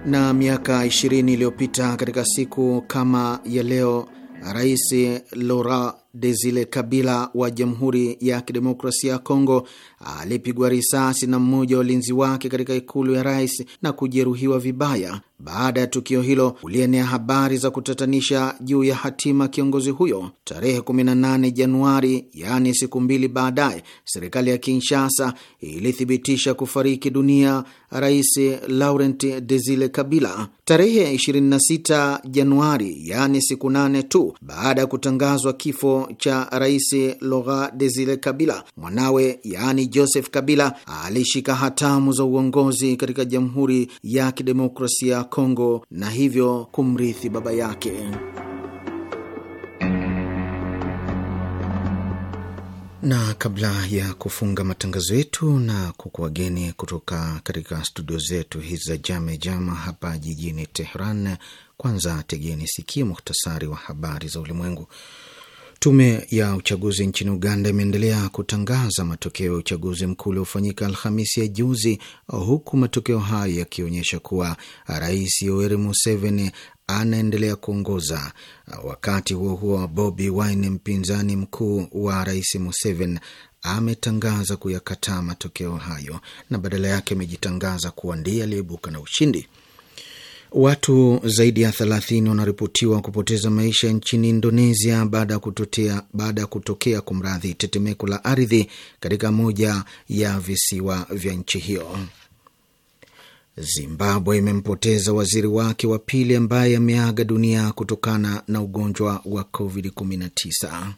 Na miaka 20 iliyopita katika siku kama ya leo, Rais Laurent Desile Kabila wa Jamhuri ya Kidemokrasia ya Kongo alipigwa risasi na mmoja wa ulinzi wake katika ikulu ya rais na kujeruhiwa vibaya. Baada ya tukio hilo kulienea habari za kutatanisha juu ya hatima kiongozi huyo. Tarehe 18 Januari, yaani siku mbili baadaye, serikali ya Kinshasa ilithibitisha kufariki dunia Rais Laurent Desile Kabila. Tarehe 26 Januari, yaani siku nane tu baada ya kutangazwa kifo cha Rais Laurent Desile Kabila, mwanawe yaani Joseph Kabila alishika hatamu za uongozi katika Jamhuri ya Kidemokrasia Kongo na hivyo kumrithi baba yake. Na kabla ya kufunga matangazo yetu na kukuwageni kutoka katika studio zetu hizi za Jame Jama hapa jijini Tehran, kwanza tegeni sikia muhtasari wa habari za ulimwengu. Tume ya uchaguzi nchini Uganda imeendelea kutangaza matokeo ya uchaguzi mkuu uliofanyika Alhamisi ya juzi, huku matokeo hayo yakionyesha kuwa Rais Yoweri Museveni anaendelea kuongoza. Wakati huo huo, Bobi Wine, mpinzani mkuu wa Rais Museveni, ametangaza kuyakataa matokeo hayo na badala yake amejitangaza kuwa ndiye aliyeibuka na ushindi. Watu zaidi ya thelathini wanaripotiwa kupoteza maisha nchini Indonesia baada ya kutokea baada ya kutokea kumradhi, tetemeko la ardhi katika moja ya visiwa vya nchi hiyo. Zimbabwe imempoteza waziri wake wa pili ambaye ameaga dunia kutokana na ugonjwa wa COVID-19.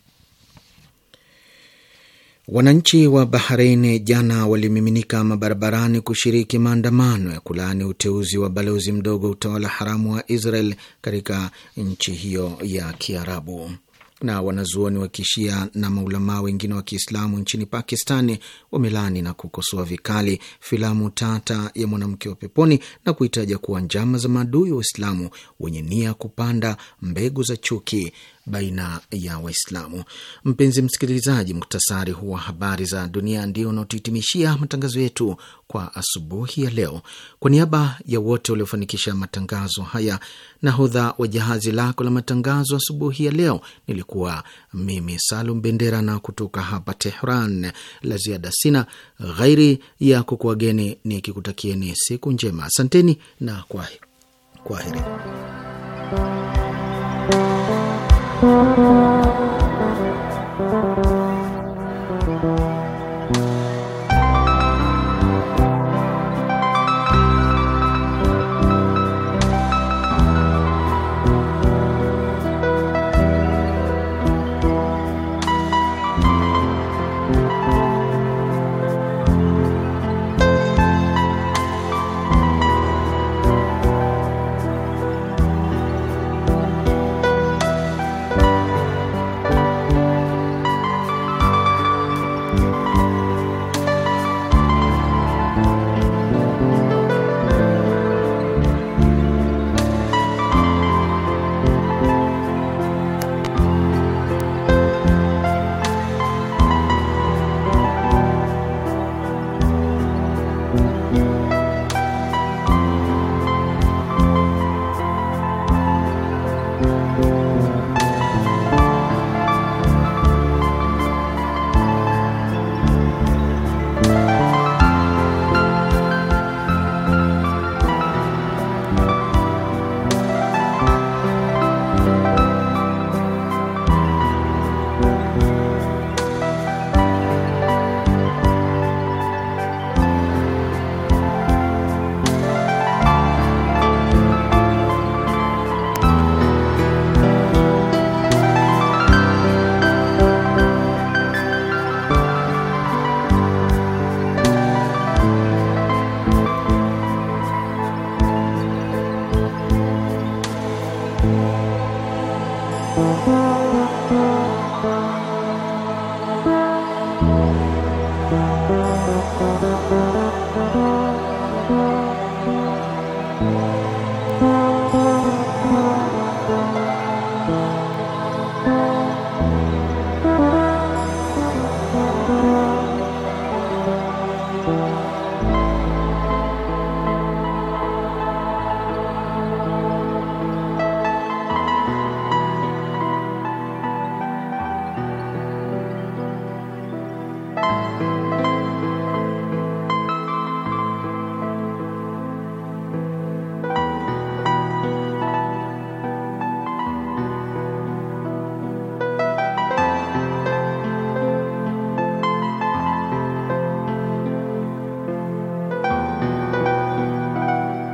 Wananchi wa Bahrein jana walimiminika mabarabarani kushiriki maandamano ya kulaani uteuzi wa balozi mdogo utawala haramu wa Israel katika nchi hiyo ya Kiarabu. Na wanazuoni wa kishia na maulamaa wengine wa Kiislamu nchini Pakistani wamelani na kukosoa vikali filamu tata ya mwanamke wa peponi na kuhitaja kuwa njama za maadui wa Uislamu wenye nia kupanda mbegu za chuki baina ya Waislamu. Mpenzi msikilizaji, muktasari huu wa habari za dunia ndio unaotuhitimishia matangazo yetu kwa asubuhi ya leo. Kwa niaba ya wote waliofanikisha matangazo haya, nahodha wa jahazi lako la matangazo asubuhi ya leo nilikuwa mimi Salum Bendera, na kutoka hapa Tehran la ziada sina ghairi ya kukuageni nikikutakieni siku njema. Asanteni na kwa kwaheri. Thank you.